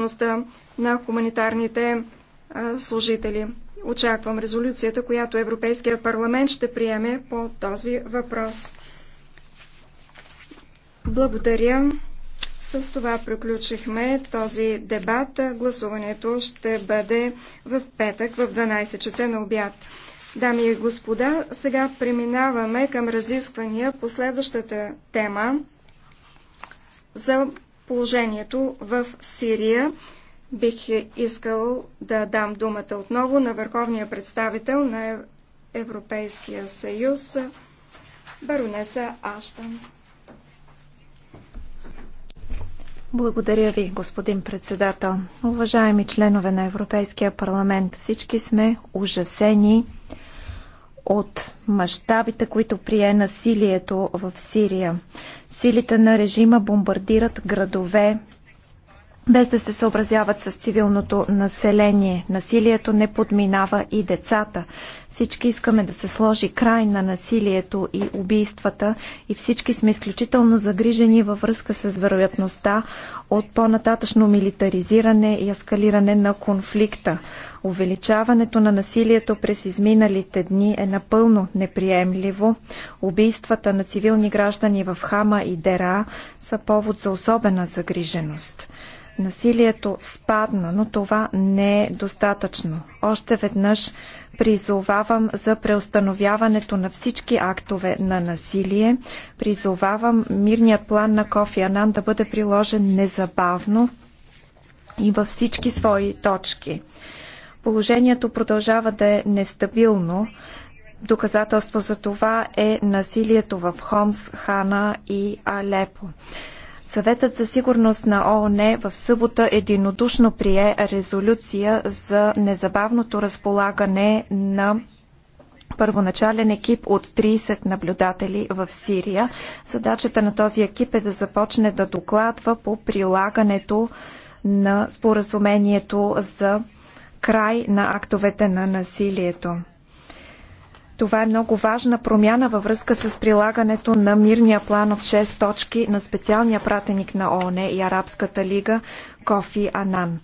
дейността на хуманитарните а, служители. Очаквам резолюцията, която Европейският парламент ще приеме по този въпрос. Благодаря. С това приключихме този дебат. Гласуването ще бъде в петък в 12 часа на обяд. Дами и господа, сега преминаваме към разисквания по следващата тема за положението в Сирия. Бих е искал да дам думата отново на върховния представител на Европейския съюз, баронеса Аштан. Благодаря ви, господин председател. Уважаеми членове на Европейския парламент, всички сме ужасени от мащабите, които прие насилието в Сирия. Силите на режима бомбардират градове, без да се съобразяват с цивилното население. Насилието не подминава и децата. Всички искаме да се сложи край на насилието и убийствата и всички сме изключително загрижени във връзка с вероятността от по-нататъчно милитаризиране и ескалиране на конфликта. Увеличаването на насилието през изминалите дни е напълно неприемливо. Убийствата на цивилни граждани в Хама и Дера са повод за особена загриженост. Насилието спадна, но това не е достатъчно. Още веднъж призовавам за преустановяването на всички актове на насилие. Призовавам мирният план на Кофи Анан да бъде приложен незабавно и във всички свои точки. Положението продължава да е нестабилно. Доказателство за това е насилието в Хомс, Хана и Алепо. Съветът за сигурност на ООН в събота единодушно прие резолюция за незабавното разполагане на първоначален екип от 30 наблюдатели в Сирия. Задачата на този екип е да започне да докладва по прилагането на споразумението за край на актовете на насилието. Това е много важна промяна във връзка с прилагането на мирния план от 6 точки на специалния пратеник на ООН и Арабската лига Кофи Анан.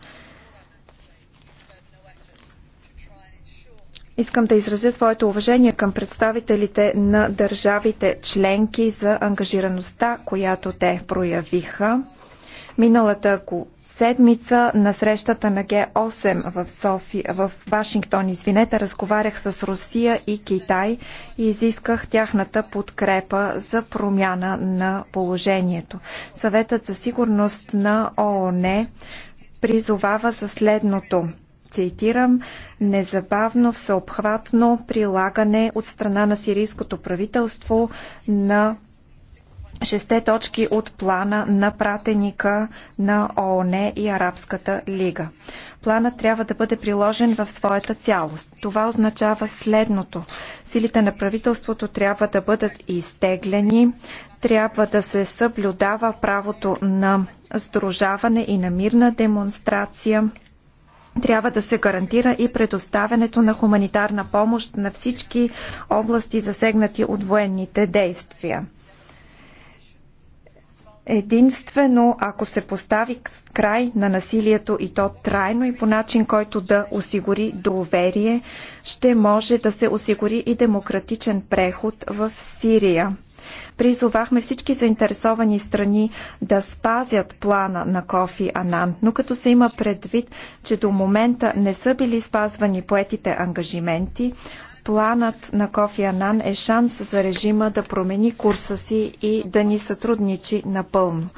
Искам да изразя своето уважение към представителите на държавите членки за ангажираността, която те проявиха. Миналата седмица на срещата на Г8 в, Софи, в Вашингтон. Извинете, разговарях с Русия и Китай и изисках тяхната подкрепа за промяна на положението. Съветът за сигурност на ООН призовава за следното цитирам, незабавно, всеобхватно прилагане от страна на сирийското правителство на шесте точки от плана на пратеника на ООН и Арабската лига. Планът трябва да бъде приложен в своята цялост. Това означава следното. Силите на правителството трябва да бъдат изтеглени, трябва да се съблюдава правото на сдружаване и на мирна демонстрация, трябва да се гарантира и предоставянето на хуманитарна помощ на всички области, засегнати от военните действия единствено ако се постави край на насилието и то трайно и по начин, който да осигури доверие, ще може да се осигури и демократичен преход в Сирия. Призовахме всички заинтересовани страни да спазят плана на Кофи Анан, но като се има предвид, че до момента не са били спазвани поетите ангажименти, Планът на Кофи Анан е шанс за режима да промени курса си и да ни сътрудничи напълно.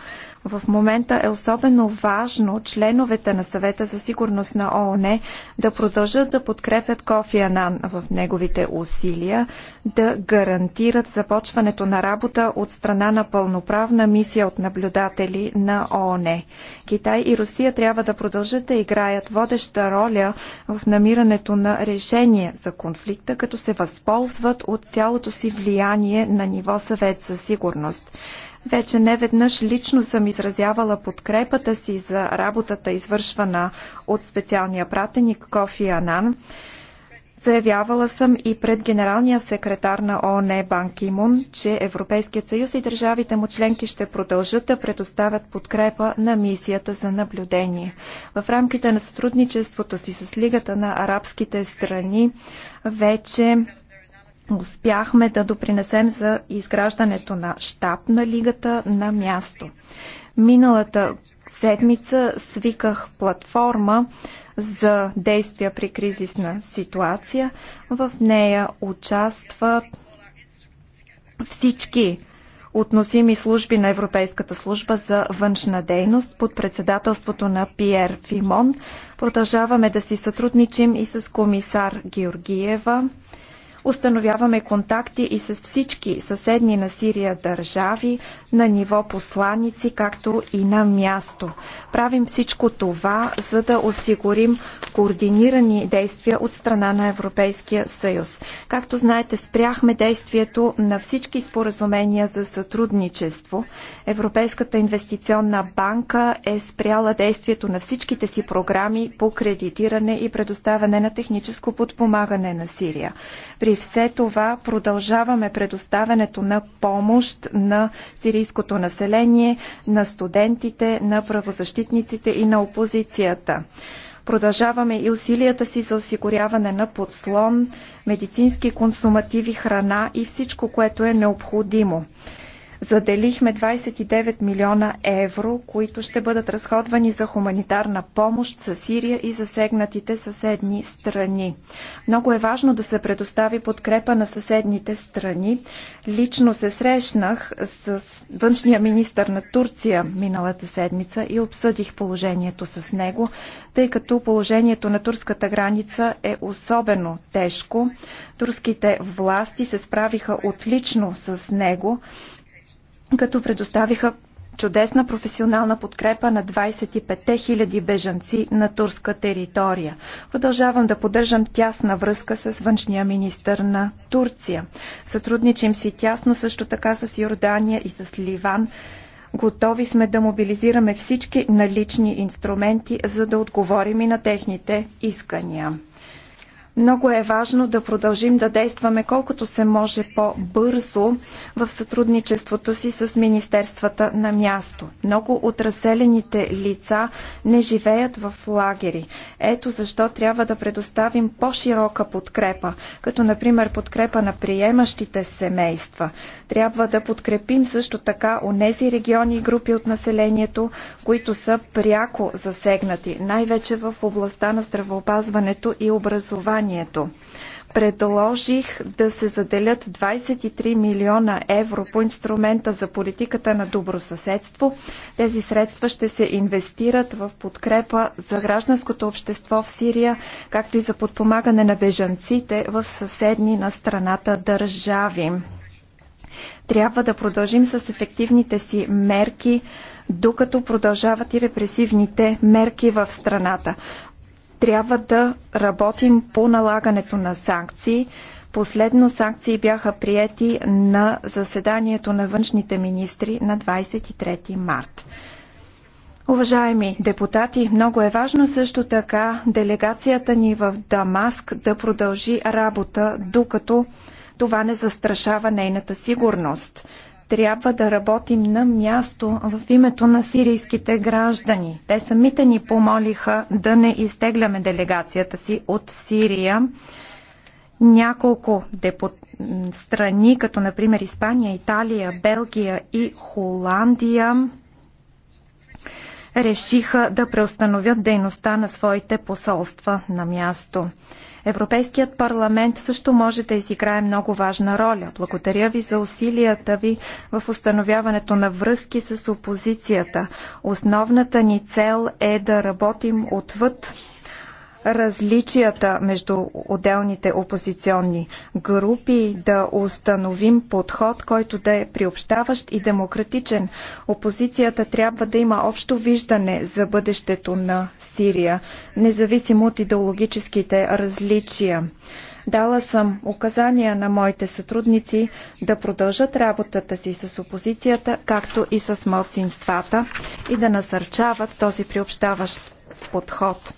В момента е особено важно членовете на съвета за сигурност на ООН да продължат да подкрепят Кофи Анан в неговите усилия да гарантират започването на работа от страна на пълноправна мисия от наблюдатели на ООН. Китай и Русия трябва да продължат да играят водеща роля в намирането на решение за конфликта, като се възползват от цялото си влияние на ниво съвет за сигурност. Вече не веднъж лично съм изразявала подкрепата си за работата, извършвана от специалния пратеник Кофи Анан. Заявявала съм и пред генералния секретар на ООН Бан Кимун, че Европейският съюз и държавите му членки ще продължат да предоставят подкрепа на мисията за наблюдение. В рамките на сътрудничеството си с Лигата на арабските страни вече успяхме да допринесем за изграждането на щаб на лигата на място. Миналата седмица свиках платформа за действия при кризисна ситуация. В нея участват всички относими служби на Европейската служба за външна дейност под председателството на Пиер Фимон. Продължаваме да си сътрудничим и с комисар Георгиева Установяваме контакти и с всички съседни на Сирия държави на ниво посланици, както и на място. Правим всичко това, за да осигурим координирани действия от страна на Европейския съюз. Както знаете, спряхме действието на всички споразумения за сътрудничество. Европейската инвестиционна банка е спряла действието на всичките си програми по кредитиране и предоставяне на техническо подпомагане на Сирия. При при все това продължаваме предоставянето на помощ на сирийското население, на студентите, на правозащитниците и на опозицията. Продължаваме и усилията си за осигуряване на подслон, медицински консумативи, храна и всичко, което е необходимо. Заделихме 29 милиона евро, които ще бъдат разходвани за хуманитарна помощ за Сирия и засегнатите съседни страни. Много е важно да се предостави подкрепа на съседните страни. Лично се срещнах с външния министр на Турция миналата седмица и обсъдих положението с него, тъй като положението на турската граница е особено тежко. Турските власти се справиха отлично с него като предоставиха чудесна професионална подкрепа на 25 000 бежанци на турска територия. Продължавам да поддържам тясна връзка с външния министр на Турция. Сътрудничим си тясно също така с Йордания и с Ливан. Готови сме да мобилизираме всички налични инструменти, за да отговорим и на техните искания. Много е важно да продължим да действаме колкото се може по-бързо в сътрудничеството си с министерствата на място. Много от разселените лица не живеят в лагери. Ето защо трябва да предоставим по-широка подкрепа, като например подкрепа на приемащите семейства. Трябва да подкрепим също така онези региони и групи от населението, които са пряко засегнати, най-вече в областта на здравеопазването и образованието образованието. Предложих да се заделят 23 милиона евро по инструмента за политиката на добросъседство. Тези средства ще се инвестират в подкрепа за гражданското общество в Сирия, както и за подпомагане на бежанците в съседни на страната държави трябва да продължим с ефективните си мерки, докато продължават и репресивните мерки в страната трябва да работим по налагането на санкции. Последно санкции бяха приети на заседанието на външните министри на 23 март. Уважаеми депутати, много е важно също така делегацията ни в Дамаск да продължи работа, докато това не застрашава нейната сигурност трябва да работим на място в името на сирийските граждани. Те самите ни помолиха да не изтегляме делегацията си от Сирия. Няколко депут... страни, като например Испания, Италия, Белгия и Холандия, решиха да преустановят дейността на своите посолства на място. Европейският парламент също може да изиграе много важна роля. Благодаря ви за усилията ви в установяването на връзки с опозицията. Основната ни цел е да работим отвъд различията между отделните опозиционни групи, да установим подход, който да е приобщаващ и демократичен. Опозицията трябва да има общо виждане за бъдещето на Сирия, независимо от идеологическите различия. Дала съм указания на моите сътрудници да продължат работата си с опозицията, както и с малцинствата и да насърчават този приобщаващ подход.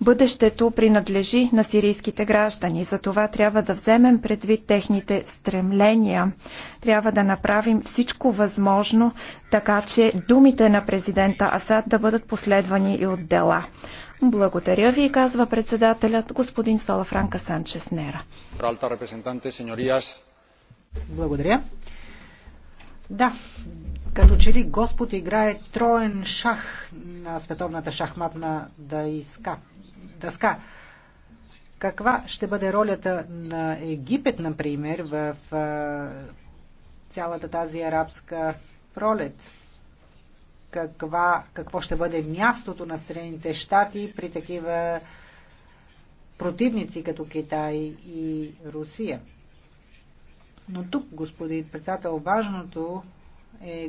Бъдещето принадлежи на сирийските граждани. За това трябва да вземем предвид техните стремления. Трябва да направим всичко възможно, така че думите на президента Асад да бъдат последвани и от дела. Благодаря ви, казва председателят господин Салафранка Санчес Нера. Благодаря. Да, като че ли Господ играе троен шах на световната шахматна дъиска дъска. Каква ще бъде ролята на Египет, например, в цялата тази арабска пролет? Каква, какво ще бъде мястото на Средните щати при такива противници като Китай и Русия? Но тук, господин председател, важното е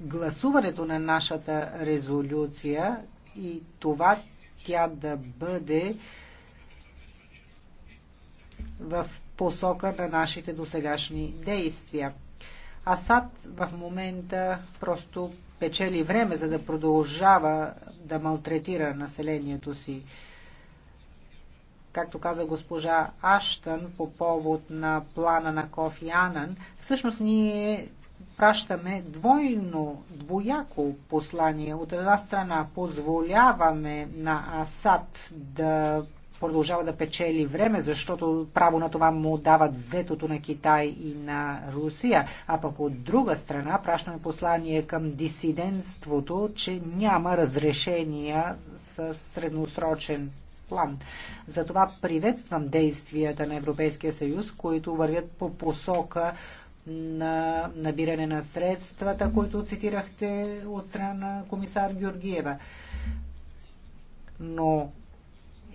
гласуването на нашата резолюция и това, тя да бъде в посока на нашите досегашни действия. Асад в момента просто печели време, за да продължава да малтретира населението си. Както каза госпожа Аштън по повод на плана на Кофи Анан, всъщност ние пращаме двойно, двояко послание. От една страна позволяваме на Асад да продължава да печели време, защото право на това му дават ветото на Китай и на Русия, а пък от друга страна пращаме послание към дисидентството, че няма разрешения с средносрочен план. Затова приветствам действията на Европейския съюз, които вървят по посока на набиране на средствата, които цитирахте от страна на комисар Георгиева. Но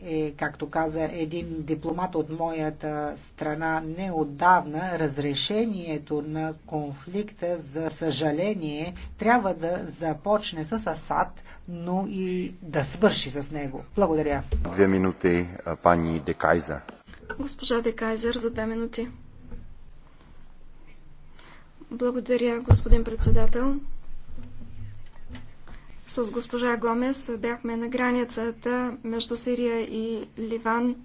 е, както каза един дипломат от моята страна неотдавна, разрешението на конфликта, за съжаление, трябва да започне с Асад, но и да свърши с него. Благодаря. Две минути, пани Декайзер. Госпожа Декайзер, за две минути. Благодаря, господин председател. С госпожа Гомес бяхме на границата между Сирия и Ливан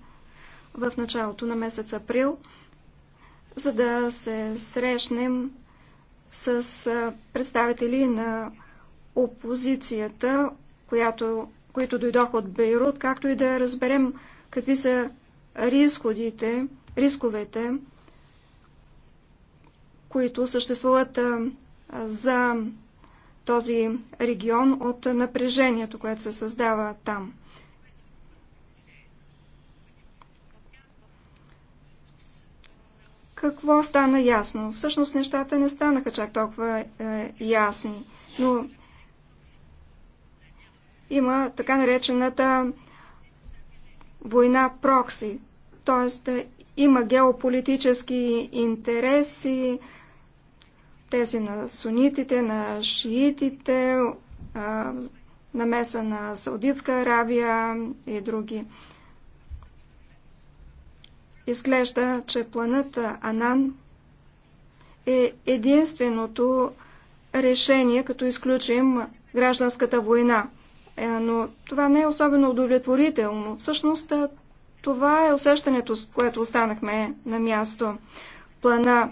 в началото на месец април, за да се срещнем с представители на опозицията, която, които дойдоха от Бейрут, както и да разберем какви са рисковете, рисковете които съществуват за този регион от напрежението, което се създава там. Какво стана ясно? Всъщност нещата не станаха чак толкова е, ясни, но има така наречената война прокси, т.е. има геополитически интереси, тези на сунитите, на шиитите, намеса на Саудитска Аравия и други. Изглежда, че планът Анан е единственото решение, като изключим гражданската война. Е, но това не е особено удовлетворително. Всъщност това е усещането, с което останахме на място. Плана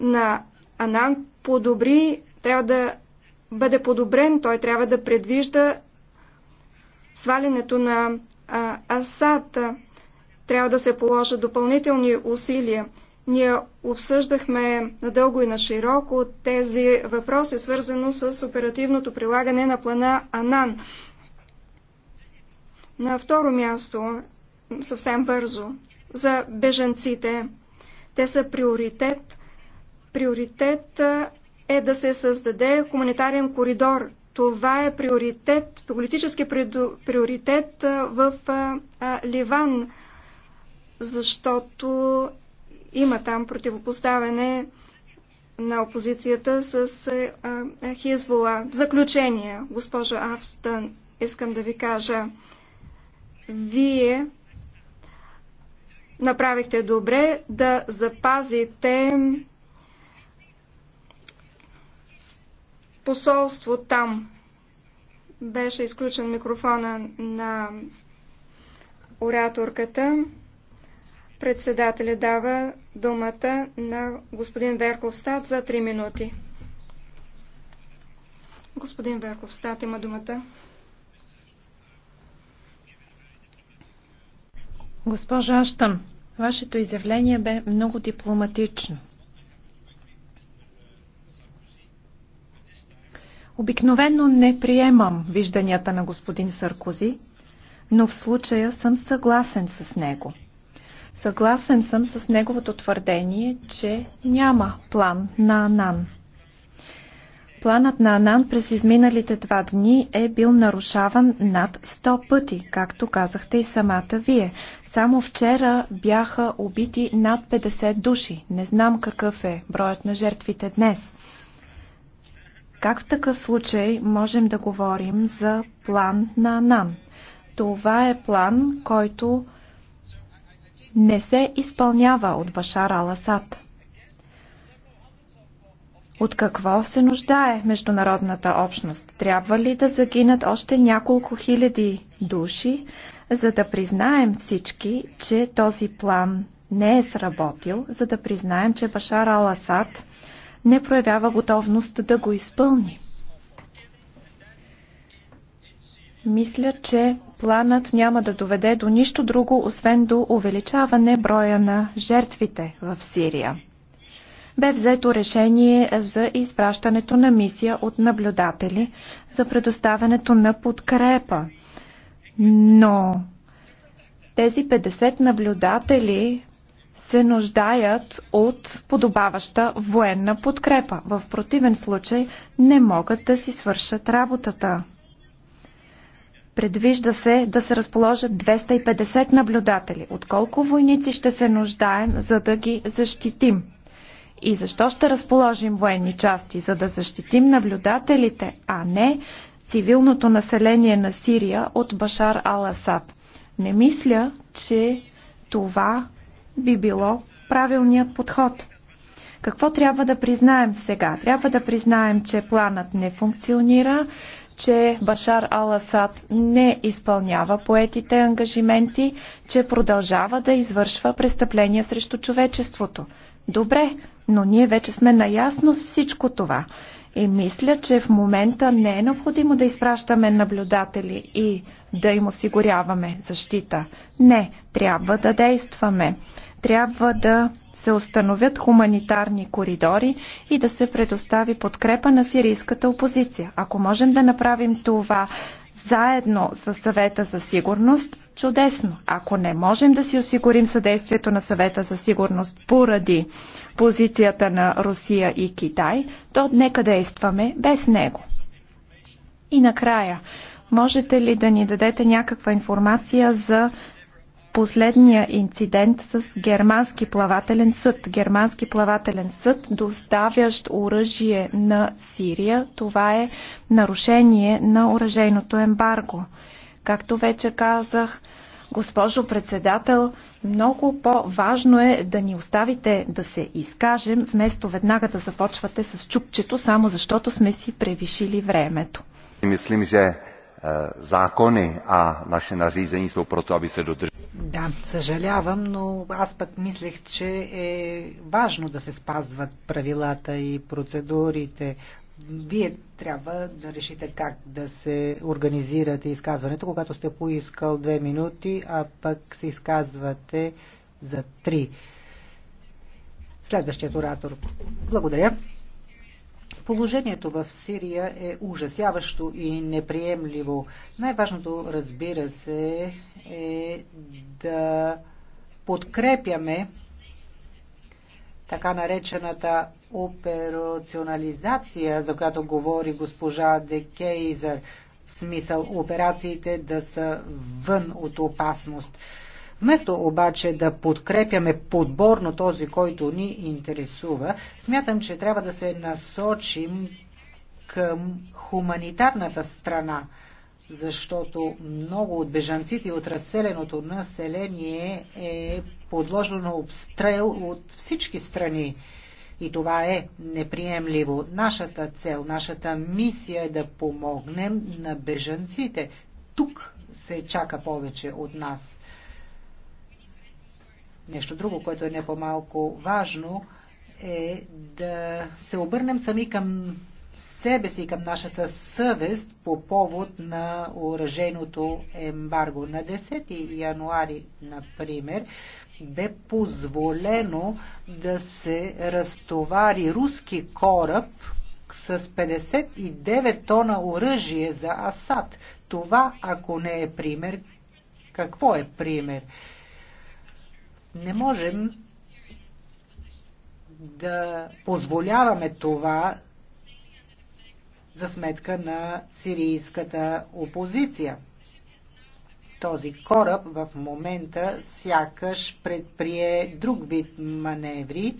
на Анан подобри, трябва да бъде подобрен, той трябва да предвижда свалянето на а, Асад. Трябва да се положат допълнителни усилия. Ние обсъждахме надълго и на широко тези въпроси, свързано с оперативното прилагане на плана Анан. На второ място, съвсем бързо, за беженците. Те са приоритет Приоритет е да се създаде хуманитарен коридор. Това е приоритет, политически приоритет в Ливан, защото има там противопоставяне на опозицията с Хизбола. Заключение, госпожо Афтън, искам да ви кажа. Вие направихте добре да запазите посолство там. Беше изключен микрофона на ораторката. Председателя дава думата на господин Верховстат за 3 минути. Господин Верховстат има думата. Госпожо Аштън, вашето изявление бе много дипломатично. Обикновено не приемам вижданията на господин Саркози, но в случая съм съгласен с него. Съгласен съм с неговото твърдение, че няма план на Анан. Планът на Анан през изминалите два дни е бил нарушаван над 100 пъти, както казахте и самата вие. Само вчера бяха убити над 50 души. Не знам какъв е броят на жертвите днес. Как в такъв случай можем да говорим за план на НАН? Това е план, който не се изпълнява от Башар Аласад. От какво се нуждае международната общност? Трябва ли да загинат още няколко хиляди души, за да признаем всички, че този план не е сработил, за да признаем, че Башар Аласад не проявява готовност да го изпълни. Мисля, че планът няма да доведе до нищо друго, освен до увеличаване броя на жертвите в Сирия. Бе взето решение за изпращането на мисия от наблюдатели за предоставянето на подкрепа. Но тези 50 наблюдатели се нуждаят от подобаваща военна подкрепа. В противен случай не могат да си свършат работата. Предвижда се да се разположат 250 наблюдатели. Отколко войници ще се нуждаем, за да ги защитим? И защо ще разположим военни части? За да защитим наблюдателите, а не цивилното население на Сирия от Башар Ал-Асад. Не мисля, че това би било правилният подход. Какво трябва да признаем сега? Трябва да признаем, че планът не функционира, че Башар Ал-Асад не изпълнява поетите ангажименти, че продължава да извършва престъпления срещу човечеството. Добре, но ние вече сме наясно с всичко това. И мисля, че в момента не е необходимо да изпращаме наблюдатели и да им осигуряваме защита. Не, трябва да действаме. Трябва да се установят хуманитарни коридори и да се предостави подкрепа на сирийската опозиция. Ако можем да направим това заедно с съвета за сигурност, Чудесно! Ако не можем да си осигурим съдействието на съвета за сигурност поради позицията на Русия и Китай, то нека действаме без него. И накрая, можете ли да ни дадете някаква информация за последния инцидент с германски плавателен съд. Германски плавателен съд, доставящ оръжие на Сирия, това е нарушение на оръжейното ембарго. Както вече казах, госпожо председател, много по-важно е да ни оставите да се изкажем, вместо веднага да започвате с чупчето, само защото сме си превишили времето. Мислим, че закони, е, а наши нарезени са прото, аби се додържат. Да, съжалявам, но аз пък мислех, че е важно да се спазват правилата и процедурите вие трябва да решите как да се организирате изказването, когато сте поискал две минути, а пък се изказвате за три. Следващият оратор. Благодаря. Положението в Сирия е ужасяващо и неприемливо. Най-важното, разбира се, е да подкрепяме така наречената операционализация, за която говори госпожа Декейзър, в смисъл операциите да са вън от опасност. Вместо обаче да подкрепяме подборно този, който ни интересува, смятам, че трябва да се насочим към хуманитарната страна, защото много от бежанците от разселеното население е подложено на обстрел от всички страни. И това е неприемливо. Нашата цел, нашата мисия е да помогнем на бежанците. Тук се чака повече от нас. Нещо друго, което е не по-малко важно, е да се обърнем сами към себе си, към нашата съвест по повод на оръжейното ембарго. На 10 януари, например, бе позволено да се разтовари руски кораб с 59 тона оръжие за Асад. Това, ако не е пример, какво е пример? Не можем да позволяваме това за сметка на сирийската опозиция. Този кораб в момента сякаш предприе друг вид маневри,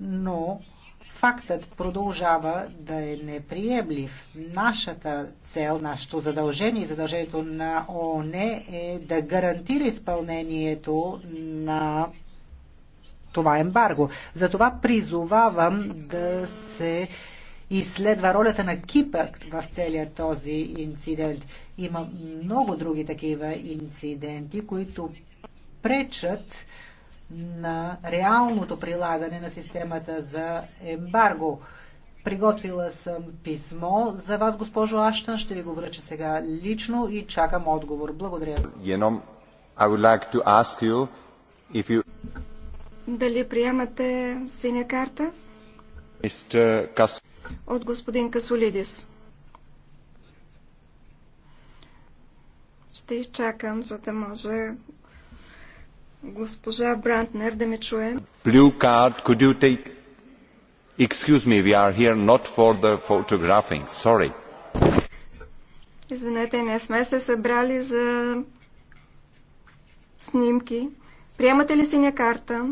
но фактът продължава да е неприемлив. Нашата цел, нашето задължение и задължението на ООН е да гарантира изпълнението на това ембарго. Затова призовавам да се изследва ролята на Кипър в целия този инцидент. Има много други такива инциденти, които пречат на реалното прилагане на системата за ембарго. Приготвила съм писмо за вас, госпожо Аштън. Ще ви го връча сега лично и чакам отговор. Благодаря. Геном, I would like to ask you if you... Дали приемате синя карта? Мистер Кас от господин Касолидис. Ще изчакам, за да може госпожа Брантнер да ме чуе. Blue card, could you take... Excuse me, we are here not for the photographing. Sorry. Извинете, не сме се събрали за снимки. Приемате ли синя карта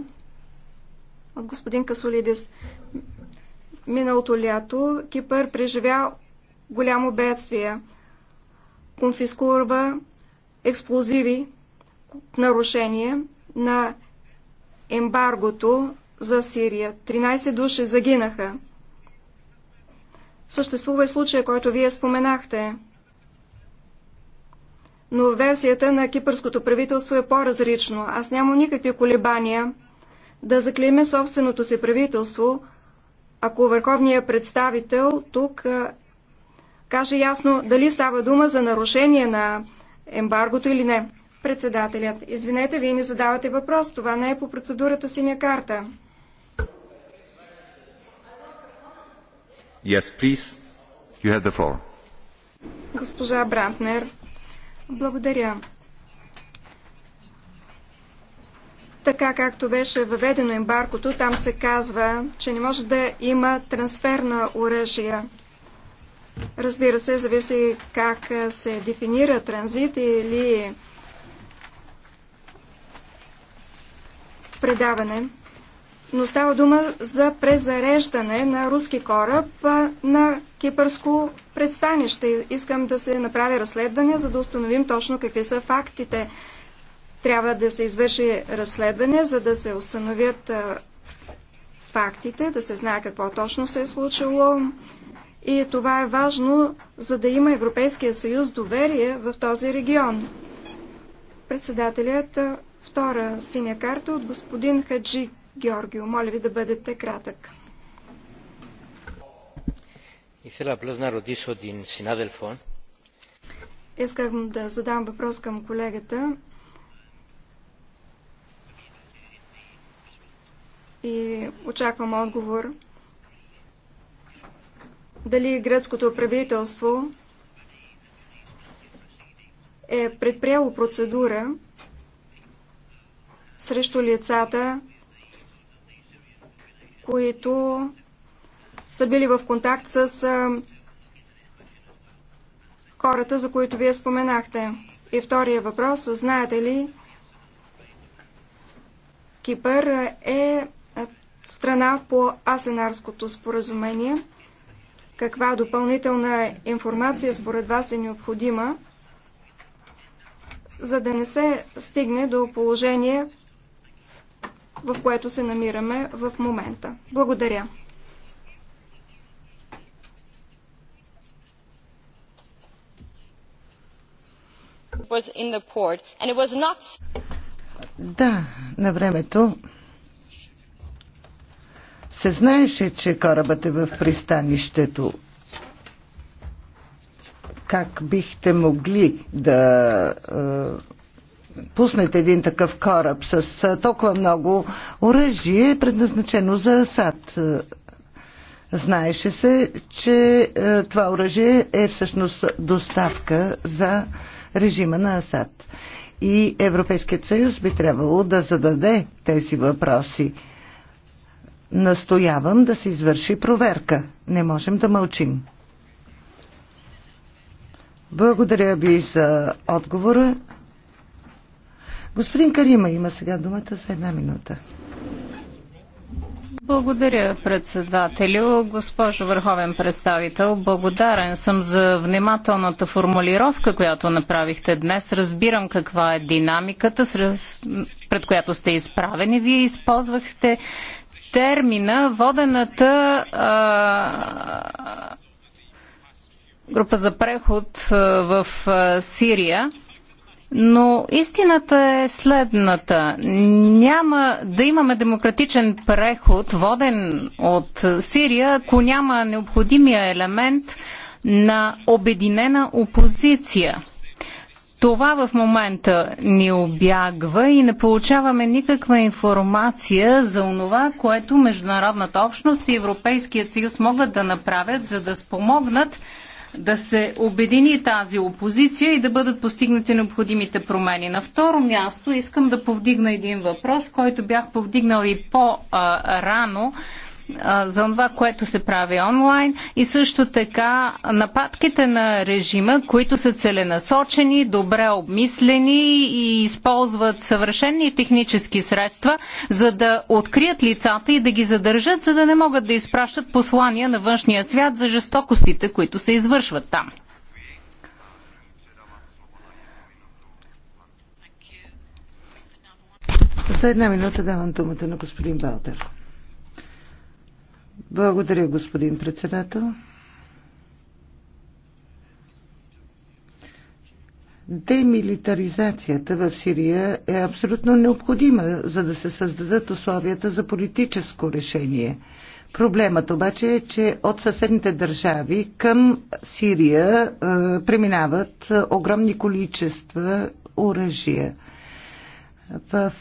от господин Касолидис? Миналото лято Кипър преживя голямо бедствие. Конфискурва експлозиви в нарушение на ембаргото за Сирия. 13 души загинаха. Съществува и случая, който вие споменахте. Но версията на кипърското правителство е по-различно. Аз нямам никакви колебания да заклейме собственото си правителство – ако върховният представител тук каже ясно дали става дума за нарушение на ембаргото или не. Председателят, извинете, вие не задавате въпрос, това не е по процедурата синя карта. Yes, please. You have the floor. Госпожа Брантнер, благодаря. Така както беше въведено ембаркото, там се казва, че не може да има трансфер на оръжия. Разбира се, зависи как се дефинира транзит или предаване. Но става дума за презареждане на руски кораб на кипърско предстанище. Искам да се направи разследване, за да установим точно какви са фактите. Трябва да се извърши разследване, за да се установят фактите, да се знае какво точно се е случило. И това е важно, за да има Европейския съюз доверие в този регион. Председателят втора синя карта от господин Хаджи Георгио. Моля ви да бъдете кратък. Искам да задам въпрос към колегата. и очаквам отговор. Дали гръцкото правителство е предприело процедура срещу лицата, които са били в контакт с хората, за които вие споменахте. И втория въпрос, знаете ли, Кипър е страна по Асенарското споразумение? Каква допълнителна информация според вас е необходима, за да не се стигне до положение, в което се намираме в момента? Благодаря. Да, на времето се знаеше, че корабът е в пристанището. Как бихте могли да е, пуснете един такъв кораб с е, толкова много оръжие, предназначено за Асад? Е, знаеше се, че е, това оръжие е всъщност доставка за режима на Асад. И Европейският съюз би трябвало да зададе тези въпроси Настоявам да се извърши проверка. Не можем да мълчим. Благодаря ви за отговора. Господин Карима има сега думата за една минута. Благодаря, председателю. Госпожо Върховен представител, благодарен съм за внимателната формулировка, която направихте днес. Разбирам каква е динамиката, пред която сте изправени. Вие използвахте термина водената а, група за преход в Сирия. Но истината е следната. Няма да имаме демократичен преход, воден от Сирия, ако няма необходимия елемент на обединена опозиция. Това в момента ни обягва и не получаваме никаква информация за онова, което международната общност и Европейският съюз могат да направят, за да спомогнат да се обедини тази опозиция и да бъдат постигнати необходимите промени. На второ място искам да повдигна един въпрос, който бях повдигнал и по-рано за това, което се прави онлайн и също така нападките на режима, които са целенасочени, добре обмислени и използват съвършени технически средства, за да открият лицата и да ги задържат, за да не могат да изпращат послания на външния свят за жестокостите, които се извършват там. За една минута давам думата на господин Балтер. Благодаря, господин председател. Демилитаризацията в Сирия е абсолютно необходима, за да се създадат условията за политическо решение. Проблемът обаче е, че от съседните държави към Сирия е, преминават е, огромни количества оръжия. В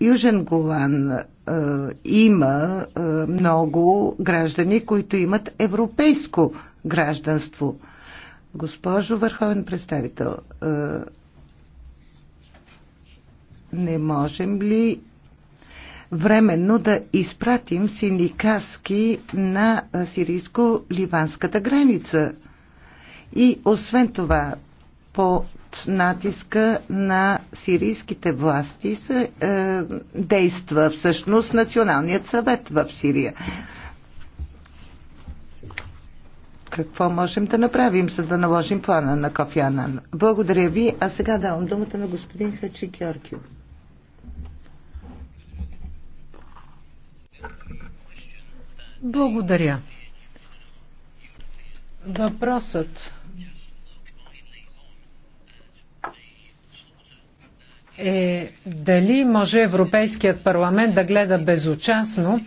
е, Южен Голан е, има е, много граждани, които имат европейско гражданство. Госпожо Върховен представител, е, не можем ли временно да изпратим синикаски на сирийско-ливанската граница? И освен това, по натиска на сирийските власти се е, действа всъщност Националният съвет в Сирия. Какво можем да направим, за да наложим плана на Кофианан. Благодаря ви, а сега давам думата на господин Хачи Георгиев. Благодаря. Въпросът е дали може Европейският парламент да гледа безучастно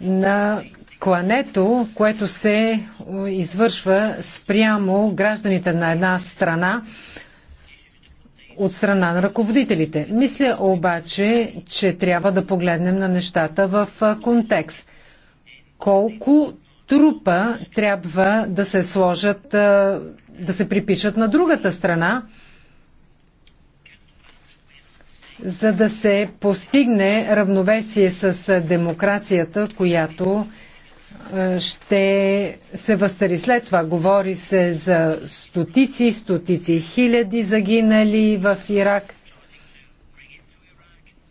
на клането, което се извършва спрямо гражданите на една страна от страна на ръководителите. Мисля обаче, че трябва да погледнем на нещата в контекст. Колко трупа трябва да се сложат, да се припишат на другата страна, за да се постигне равновесие с демокрацията, която ще се възстари след това. Говори се за стотици, стотици хиляди загинали в Ирак.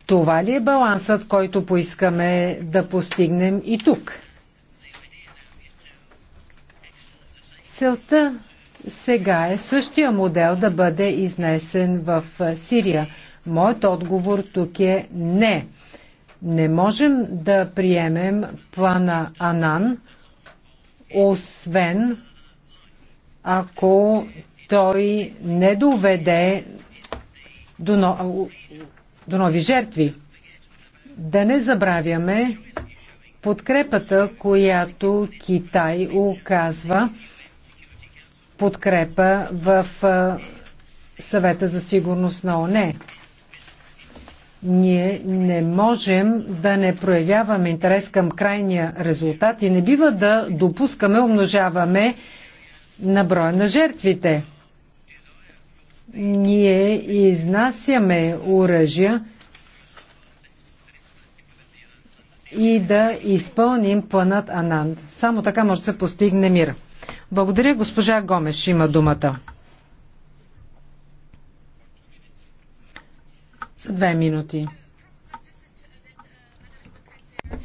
Това ли е балансът, който поискаме да постигнем и тук? Целта сега е същия модел да бъде изнесен в Сирия – Моят отговор тук е не. Не можем да приемем плана Анан, освен ако той не доведе до, но, до нови жертви. Да не забравяме подкрепата, която Китай оказва подкрепа в съвета за сигурност на ОНЕ ние не можем да не проявяваме интерес към крайния резултат и не бива да допускаме, умножаваме на броя на жертвите. Ние изнасяме оръжия и да изпълним планът Ананд. Само така може да се постигне мир. Благодаря, госпожа Гомеш има думата. За две минути.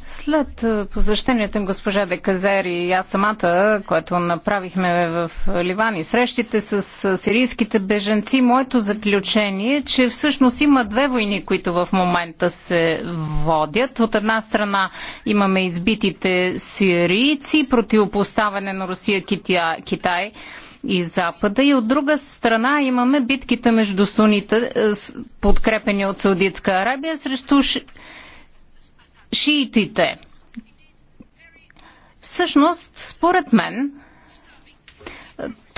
След е, посещението им госпожа Деказер и аз самата, което направихме в Ливан и срещите с сирийските беженци, моето заключение е, че всъщност има две войни, които в момента се водят. От една страна имаме избитите сирийци, противопоставяне на Русия, Китай. Китай и Запада. И от друга страна имаме битките между сунита, е, подкрепени от Саудитска Арабия, срещу ши... шиитите. Всъщност, според мен,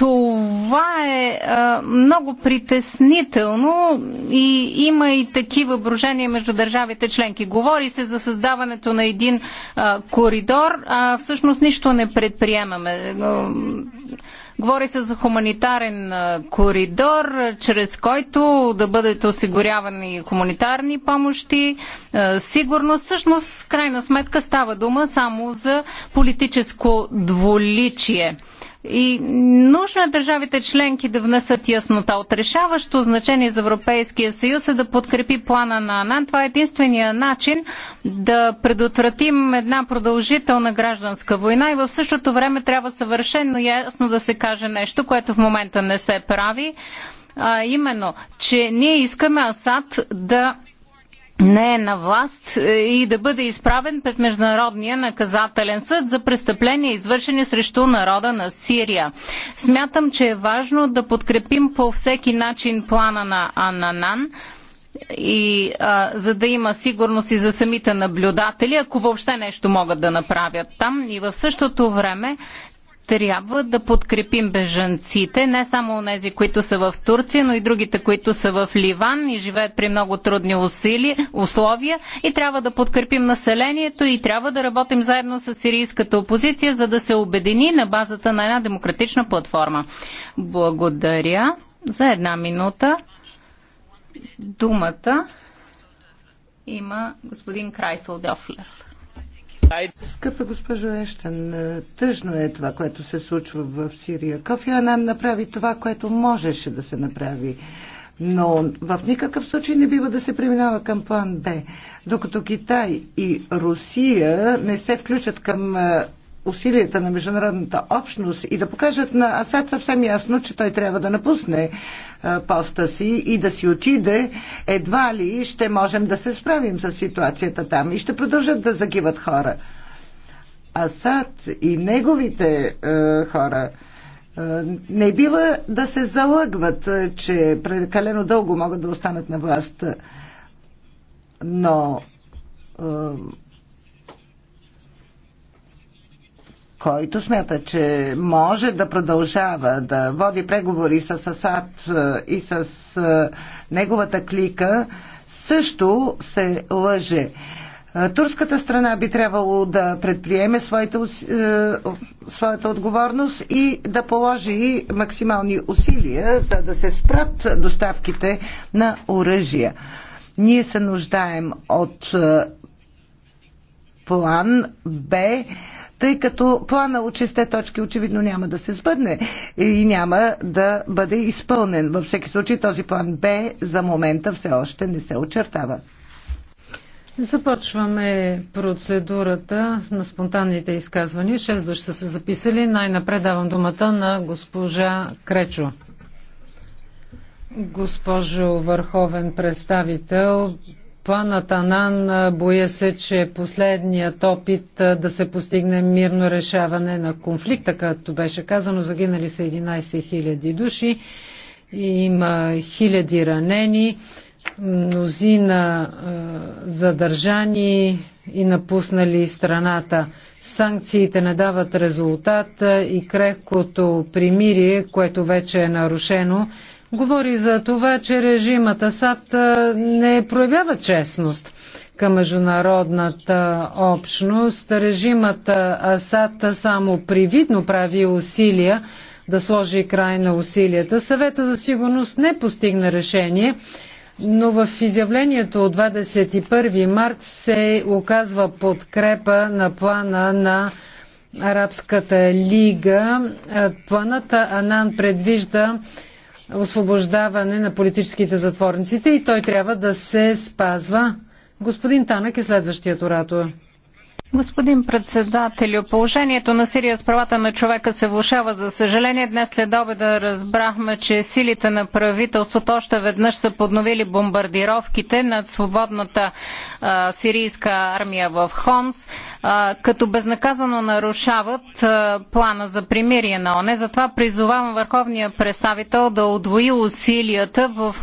това е а, много притеснително и има и такива брожения между държавите членки. Говори се за създаването на един а, коридор, а всъщност нищо не предприемаме. Говори се за хуманитарен коридор, чрез който да бъдат осигурявани хуманитарни помощи, сигурност. Всъщност, крайна сметка, става дума само за политическо дволичие. И нужно е държавите членки да внесат яснота. От решаващо значение за Европейския съюз е да подкрепи плана на АНАН. Това е единствения начин да предотвратим една продължителна гражданска война и в същото време трябва съвършенно ясно да се каже нещо, което в момента не се прави. А именно, че ние искаме Асад да не е на власт е, и да бъде изправен пред Международния наказателен съд за престъпления, извършени срещу народа на Сирия. Смятам, че е важно да подкрепим по всеки начин плана на Ананан и а, за да има сигурност и за самите наблюдатели, ако въобще нещо могат да направят там. И в същото време трябва да подкрепим бежанците, не само тези, които са в Турция, но и другите, които са в Ливан и живеят при много трудни усилия, условия и трябва да подкрепим населението и трябва да работим заедно с сирийската опозиция, за да се обедини на базата на една демократична платформа. Благодаря за една минута. Думата има господин Крайсъл Дьофлер. Скъпа госпожо Ещен, тъжно е това, което се случва в Сирия. Кофи Анан направи това, което можеше да се направи. Но в никакъв случай не бива да се преминава към план Б. Докато Китай и Русия не се включат към усилията на международната общност и да покажат на Асад съвсем ясно, че той трябва да напусне е, поста си и да си отиде, едва ли ще можем да се справим с ситуацията там и ще продължат да загиват хора. Асад и неговите е, хора е, не бива да се залъгват, е, че прекалено дълго могат да останат на власт. Но е, който смята, че може да продължава да води преговори с Асад е, и с е, неговата клика, също се лъже. Е, турската страна би трябвало да предприеме своите, своята отговорност и да положи максимални усилия, за да се спрат доставките на оръжия. Ние се нуждаем от план Б тъй като плана от шесте точки очевидно няма да се сбъдне и няма да бъде изпълнен. Във всеки случай този план Б за момента все още не се очертава. Започваме процедурата на спонтанните изказвания. Шест души са се записали. Най-напред давам думата на госпожа Кречо. Госпожо Върховен представител, Планът Танан боя се, че е последният опит да се постигне мирно решаване на конфликта, като беше казано, загинали са 11 000 души, има хиляди ранени, мнозина задържани и напуснали страната. Санкциите не дават резултат и крехкото примирие, което вече е нарушено, говори за това, че режимът Асад не проявява честност към международната общност. Режимът Асад само привидно прави усилия да сложи край на усилията. Съвета за сигурност не постигна решение, но в изявлението от 21 март се оказва подкрепа на плана на Арабската лига. Планата Анан предвижда освобождаване на политическите затворниците и той трябва да се спазва. Господин Танък е следващият оратор. Господин председателю, положението на Сирия с правата на човека се влушава. За съжаление, днес след обеда разбрахме, че силите на правителството още веднъж са подновили бомбардировките над свободната а, сирийска армия в Хомс, а, като безнаказано нарушават а, плана за примирие на ОНЕ. Затова призовавам върховния представител да удвои усилията в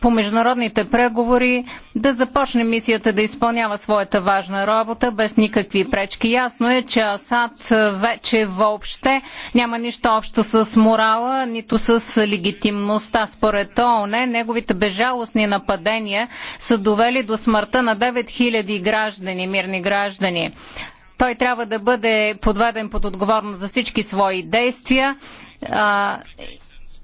по международните преговори да започне мисията да изпълнява своята важна работа без никакви пречки. Ясно е, че Асад вече въобще няма нищо общо с морала, нито с легитимността. Според ООН, неговите безжалостни нападения са довели до смъртта на 9000 граждани, мирни граждани. Той трябва да бъде подведен под отговорност за всички свои действия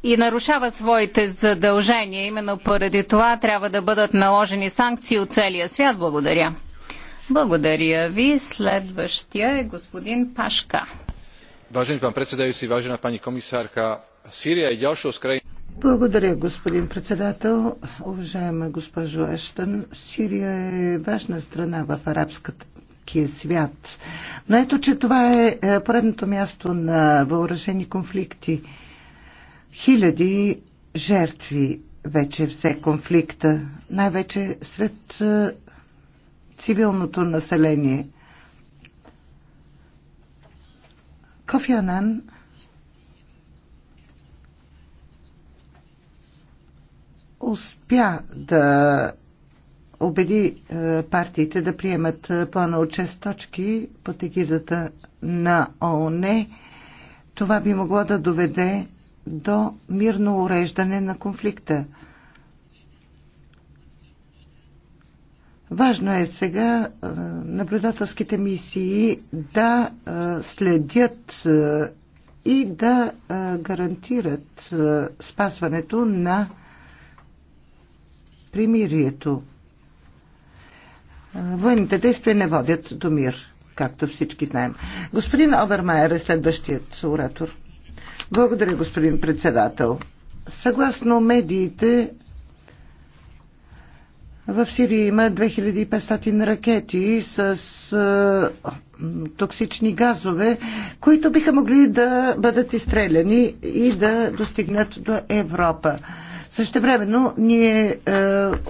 и нарушава своите задължения. Именно поради това трябва да бъдат наложени санкции от целия свят. Благодаря. Благодаря ви. Следващия е господин Пашка. пан председател и важена пани комисарка, Сирия е ďalšou z країн. Благодаря, господин председател. Уважаема госпожо Ештън, Сирия е важна страна в арабската арабския свят. Но ето, че това е, е поредното място на въоръжени конфликти. Хиляди жертви вече все конфликта, най-вече сред е, цивилното население. Кофи Анан успя да убеди е, партиите да приемат е, плана от 6 точки под егидата на ООН. Това би могло да доведе до мирно уреждане на конфликта. Важно е сега е, наблюдателските мисии да е, следят е, и да гарантират спазването на примирието. Военните действия не водят до мир, както всички знаем. Господин Обермайер е следващият оратор. Благодаря, господин председател. Съгласно медиите, в Сирия има 2500 ракети с токсични газове, които биха могли да бъдат изстреляни и да достигнат до Европа. Същевременно ние е,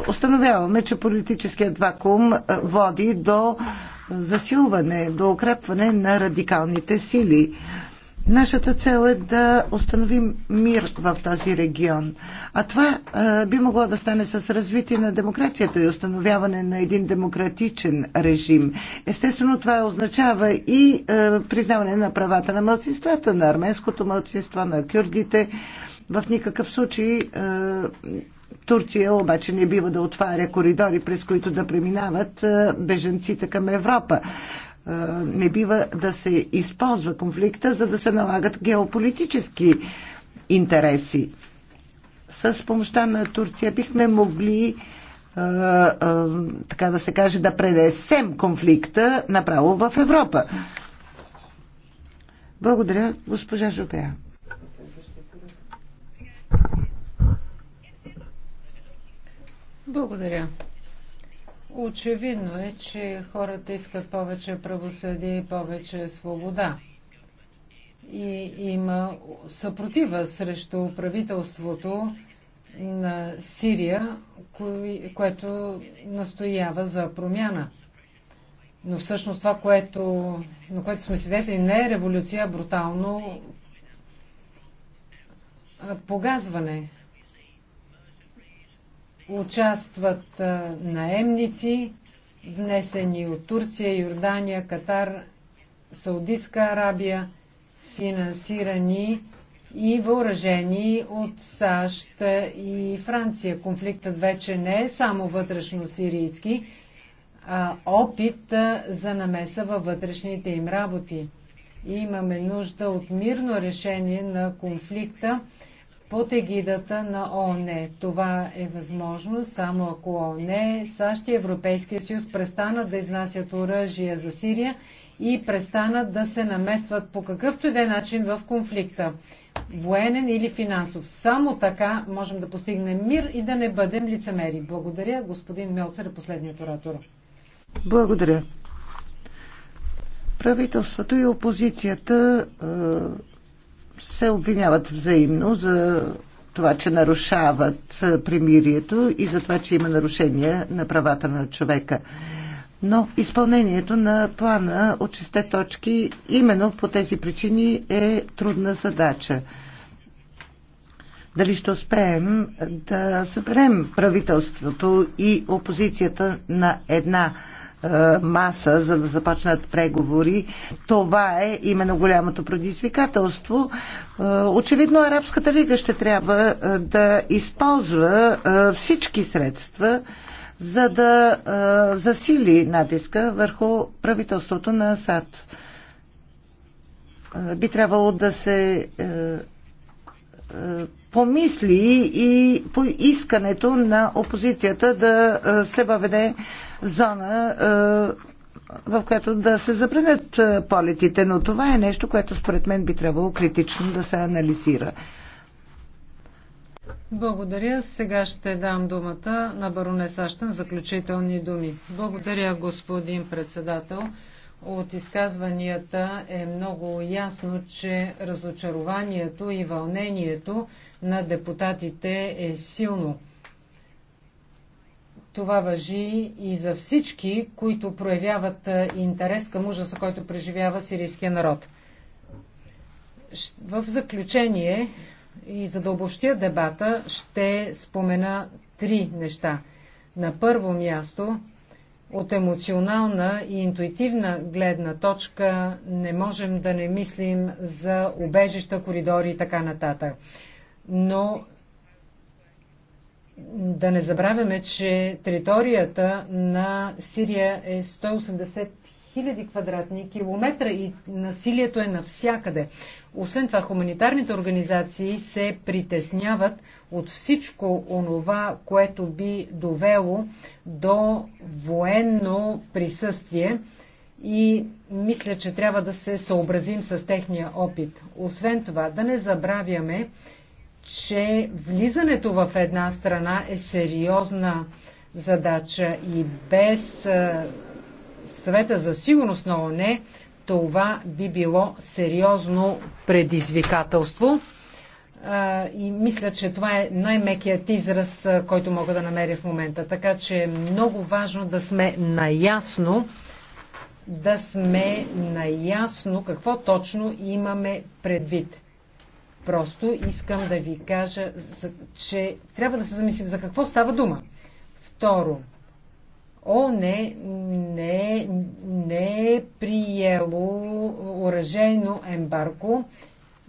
установяваме, че политическият вакуум води до засилване, до укрепване на радикалните сили. Нашата цел е да установим мир в този регион. А това а, би могло да стане с развитие на демокрацията и установяване на един демократичен режим. Естествено, това означава и а, признаване на правата на младсинствата, на арменското младсинство, на кюрдите. В никакъв случай а, Турция обаче не бива да отваря коридори, през които да преминават беженците към Европа. Не бива да се използва конфликта, за да се налагат геополитически интереси. С помощта на Турция бихме могли така да се каже, да пренесем конфликта направо в Европа. Благодаря, госпожа Жопея. Благодаря. Очевидно е, че хората искат повече правосъдие и повече свобода. И има съпротива срещу правителството на Сирия, кое, което настоява за промяна. Но всъщност това, което, на което сме свидетели, не е революция, а брутално погазване участват наемници, внесени от Турция, Йордания, Катар, Саудитска Арабия, финансирани и въоръжени от САЩ и Франция. Конфликтът вече не е само вътрешно-сирийски, а опит за намеса във вътрешните им работи. И имаме нужда от мирно решение на конфликта под егидата на ООН. Това е възможно само ако ООН, САЩ и Европейския съюз престанат да изнасят оръжия за Сирия и престанат да се намесват по какъвто и да е начин в конфликта, военен или финансов. Само така можем да постигнем мир и да не бъдем лицемери. Благодаря, господин Мелцер, е последният оратор. Благодаря. Правителството и опозицията е, се обвиняват взаимно за това, че нарушават примирието и за това, че има нарушение на правата на човека. Но изпълнението на плана от шесте точки именно по тези причини е трудна задача. Дали ще успеем да съберем правителството и опозицията на една е, маса, за да започнат преговори. Това е именно голямото предизвикателство. Е, очевидно Арабската лига ще трябва е, да използва всички средства, за да засили натиска върху правителството на Асад. Би трябвало да се помисли и по искането на опозицията да се въведе зона, в която да се забранят полетите. Но това е нещо, което според мен би трябвало критично да се анализира. Благодаря. Сега ще дам думата на баронес Аштен заключителни думи. Благодаря, господин председател от изказванията е много ясно, че разочарованието и вълнението на депутатите е силно. Това въжи и за всички, които проявяват интерес към ужаса, който преживява сирийския народ. В заключение и за да обобщя дебата, ще спомена три неща. На първо място от емоционална и интуитивна гледна точка не можем да не мислим за убежища, коридори и така нататък. Но да не забравяме, че територията на Сирия е 180 000 квадратни километра и насилието е навсякъде. Освен това, хуманитарните организации се притесняват от всичко онова, което би довело до военно присъствие и мисля, че трябва да се съобразим с техния опит. Освен това, да не забравяме, че влизането в една страна е сериозна задача и без съвета за сигурност на ОНЕ това би било сериозно предизвикателство. И мисля, че това е най-мекият израз, който мога да намеря в момента. Така че е много важно да сме наясно, да сме наясно какво точно имаме предвид. Просто искам да ви кажа, че трябва да се замислим за какво става дума. Второ, О, не, не е приело оръжейно ембарко.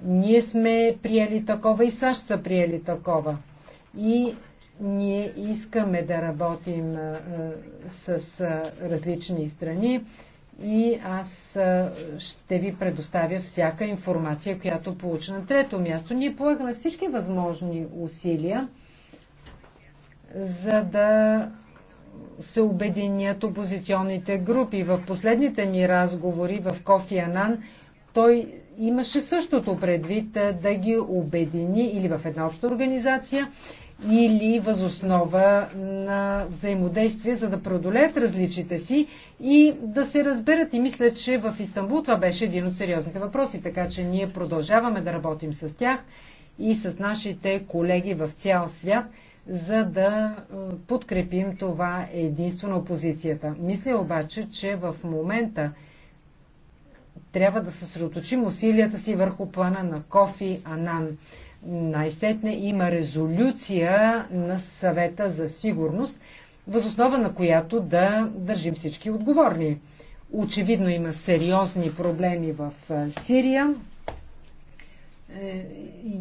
Ние сме приели такова и САЩ са приели такова. И ние искаме да работим а, с а, различни страни и аз а, ще ви предоставя всяка информация, която получа на трето място. Ние полагаме всички възможни усилия, за да се обединят опозиционните групи. В последните ни разговори в Кофи Анан той имаше същото предвид да ги обедини или в една обща организация, или възоснова на взаимодействие, за да преодолеят различите си и да се разберат. И мисля, че в Истанбул това беше един от сериозните въпроси, така че ние продължаваме да работим с тях и с нашите колеги в цял свят – за да е, подкрепим това единство на опозицията. Мисля обаче, че в момента трябва да съсредоточим усилията си върху плана на Кофи Анан. Най-сетне има резолюция на съвета за сигурност, възоснова на която да държим всички отговорни. Очевидно има сериозни проблеми в е, Сирия. Е,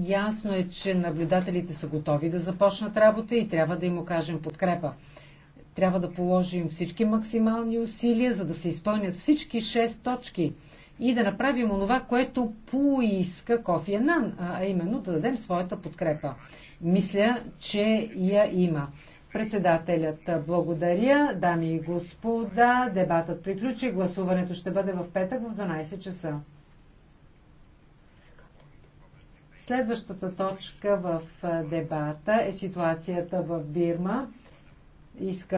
ясно е, че наблюдателите са готови да започнат работа и трябва да им окажем подкрепа. Трябва да положим всички максимални усилия, за да се изпълнят всички 6 точки и да направим онова, което поиска Кофи нан, а именно да дадем своята подкрепа. Мисля, че я има. Председателят благодаря. Дами и господа, дебатът приключи. Гласуването ще бъде в петък в 12 часа. Следващата точка в дебата е ситуацията в Бирма. Иска